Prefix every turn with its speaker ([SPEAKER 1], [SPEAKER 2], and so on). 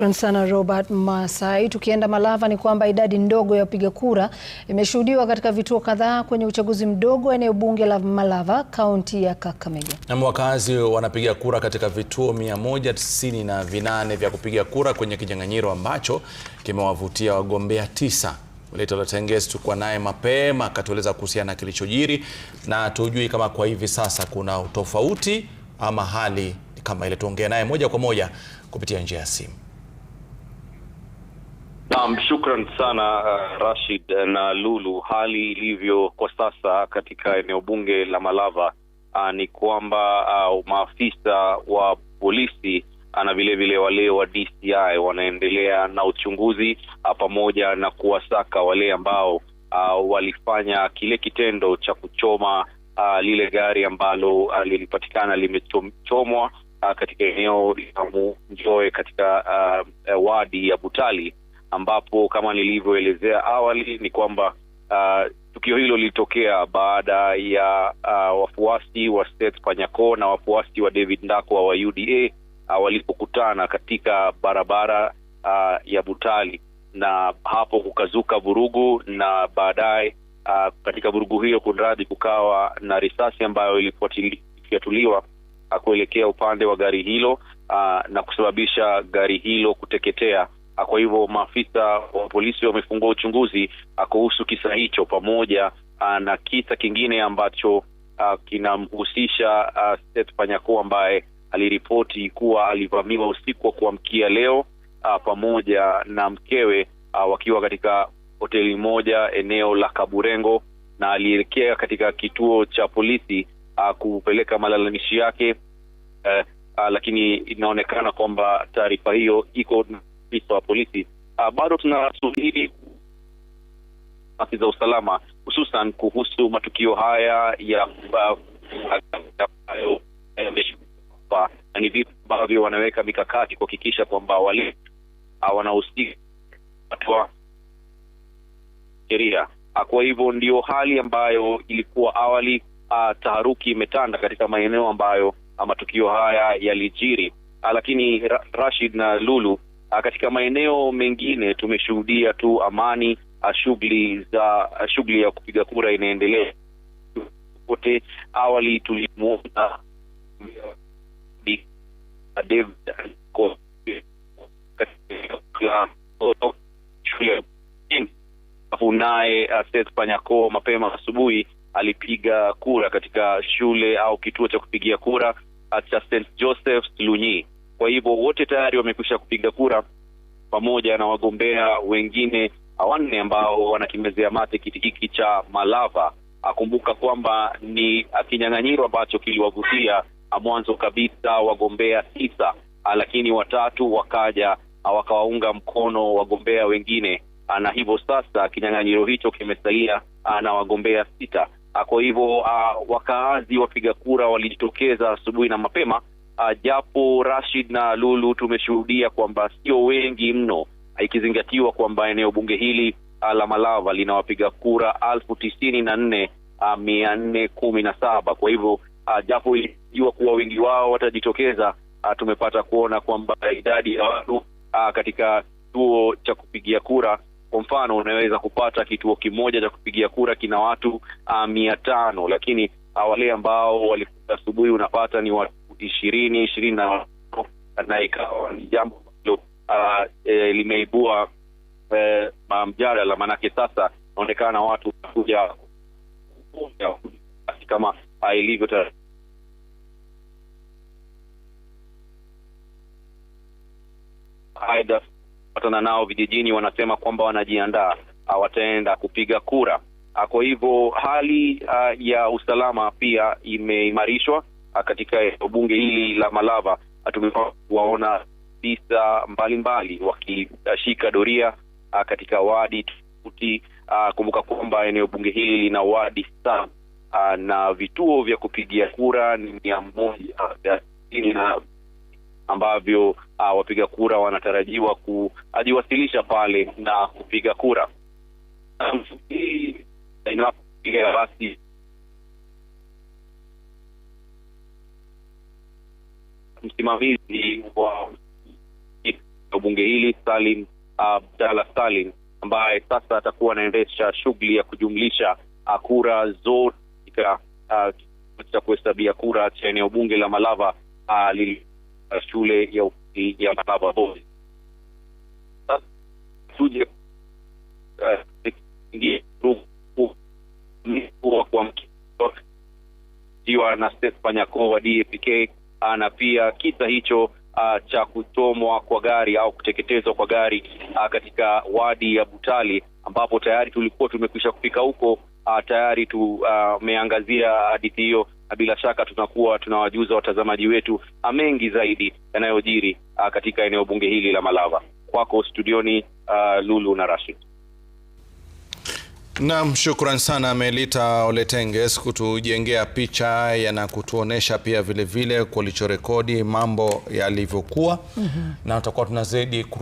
[SPEAKER 1] Shukran sana Robert Masai. Tukienda Malava ni kwamba idadi ndogo ya wapiga kura imeshuhudiwa katika vituo kadhaa kwenye uchaguzi mdogo wa eneo bunge la Malava, kaunti ya Kakamega. Na wakazi wanapiga kura katika vituo 198 vya kupiga kura kwenye kinyang'anyiro ambacho kimewavutia wagombea tisa. Leta Olotenges tukuwa naye mapema akatueleza kuhusiana na kilichojiri, na tujui kama kwa hivi sasa kuna utofauti ama hali kama ile. Tuongee naye moja kwa moja kupitia njia ya simu. Naam, shukran sana uh, Rashid na Lulu. Hali ilivyo kwa sasa katika eneo bunge la Malava uh, ni kwamba uh, maafisa wa polisi uh, na vilevile wale wa DCI wanaendelea na uchunguzi uh, pamoja na kuwasaka wale ambao uh, walifanya kile kitendo cha kuchoma uh, lile gari ambalo uh, lilipatikana limechomwa uh, katika eneo la Munjoe katika uh, uh, wadi ya Butali ambapo kama nilivyoelezea awali ni kwamba uh, tukio hilo lilitokea baada ya uh, wafuasi wa Seth Panyako na wafuasi wa David Ndakwa wa UDA uh, walipokutana katika barabara uh, ya Butali na hapo kukazuka vurugu na baadaye uh, katika vurugu hiyo kunradhi, kukawa na risasi ambayo ilifyatuliwa uh, kuelekea upande wa gari hilo uh, na kusababisha gari hilo kuteketea kwa hivyo maafisa wa polisi wamefungua uchunguzi ah, kuhusu kisa hicho pamoja ah, na kisa kingine ambacho ah, kinamhusisha Seth Panyako ambaye aliripoti kuwa alivamiwa usiku wa kuamkia leo a, pamoja na mkewe a, wakiwa katika hoteli moja eneo la Kaburengo, na alielekea katika kituo cha polisi a, kupeleka malalamishi yake, eh, lakini inaonekana kwamba taarifa hiyo iko maafisa wa polisi. Uh, bado tunasubiri nafasi za usalama hususan kuhusu matukio haya ya ah, ambayo ni vitu ambavyo wanaweka mikakati kuhakikisha kwamba wali ah, wanahusika sheria. Kwa hivyo ndio hali ambayo ilikuwa awali. Uh, taharuki imetanda katika maeneo ambayo matukio haya yalijiri, lakini Rashid na Lulu Ah, katika maeneo mengine tumeshuhudia tu amani, ah, shughuli za ah, shughuli ya kupiga kura inaendelea pote. Awali tulimwona alafu naye Seth Panyako mapema asubuhi alipiga kura katika shule au kituo cha kupigia kura cha St Joseph Lunyi kwa hivyo wote tayari wamekwisha kupiga kura pamoja na wagombea wengine ah, wanne ambao wanakimezea mate kiti hiki cha Malava. Akumbuka kwamba ni kinyang'anyiro ambacho kiliwavutia ah, mwanzo kabisa wagombea tisa, ah, lakini watatu wakaja wakawaunga mkono wagombea wengine, na hivyo sasa kinyang'anyiro hicho kimesalia na wagombea sita. Kwa hivyo wakaazi wapiga kura walijitokeza asubuhi na mapema uh, japo Rashid na Lulu tumeshuhudia kwamba sio wengi mno, ikizingatiwa kwamba eneo bunge hili la Malava lina wapiga kura alfu tisini na nne mia nne kumi na saba. Kwa hivyo uh, japo ilijua kuwa wengi wao watajitokeza, uh, tumepata kuona kwamba idadi ya watu uh, katika kituo cha kupigia kura kwa mfano, unaweza kupata kituo kimoja cha kupigia kura kina watu uh, mia tano, lakini wale ambao walikuja asubuhi unapata ni watu ishirini ishirini na na ikawa ni jambo ambalo e, limeibua e, eh, mjadala, maanake sasa naonekana watu wanakuja kama ah, ilivyo aidha patana nao vijijini wanasema kwamba wanajiandaa ah, wataenda kupiga kura. Kwa hivyo hali uh, ya usalama pia imeimarishwa Ah, katika eneo bunge hili la Malava tumewaona kuwaona
[SPEAKER 2] bisa mbalimbali wakishika doria ah, katika wadi tofauti. Ah, kumbuka kwamba eneo bunge hili lina wadi saba na vituo vya kupigia kura ni mia moja vya sitini na ambavyo wapiga kura wanatarajiwa kujiwasilisha pale na kupiga kura basi msimamizi wa bunge hili Salim Abdalla Salim ambaye sasa atakuwa anaendesha shughuli ya kujumlisha uh, kura zote katika uh, cha kuhesabia kura cha eneo bunge la Malava uh, lili shule ya upili ya Malava Boys. Tuje kwa mkiwa na Stefan Yakova DAPK Ah, na pia kisa hicho Uh, cha kuchomwa kwa gari au kuteketezwa kwa gari uh, katika wadi ya Butali ambapo tayari tulikuwa tumekwisha kufika huko. Uh, tayari tumeangazia uh, hadithi hiyo na bila shaka tunakuwa tunawajuza watazamaji wetu mengi zaidi yanayojiri uh, katika eneo bunge hili la Malava. Kwako studioni, uh, Lulu na Rashid. Naam, shukran sana Melita Oletenges kutujengea picha yana kutuonesha pia vilevile kulichorekodi mambo yalivyokuwa, mm -hmm. na tutakuwa tunazidi kurudi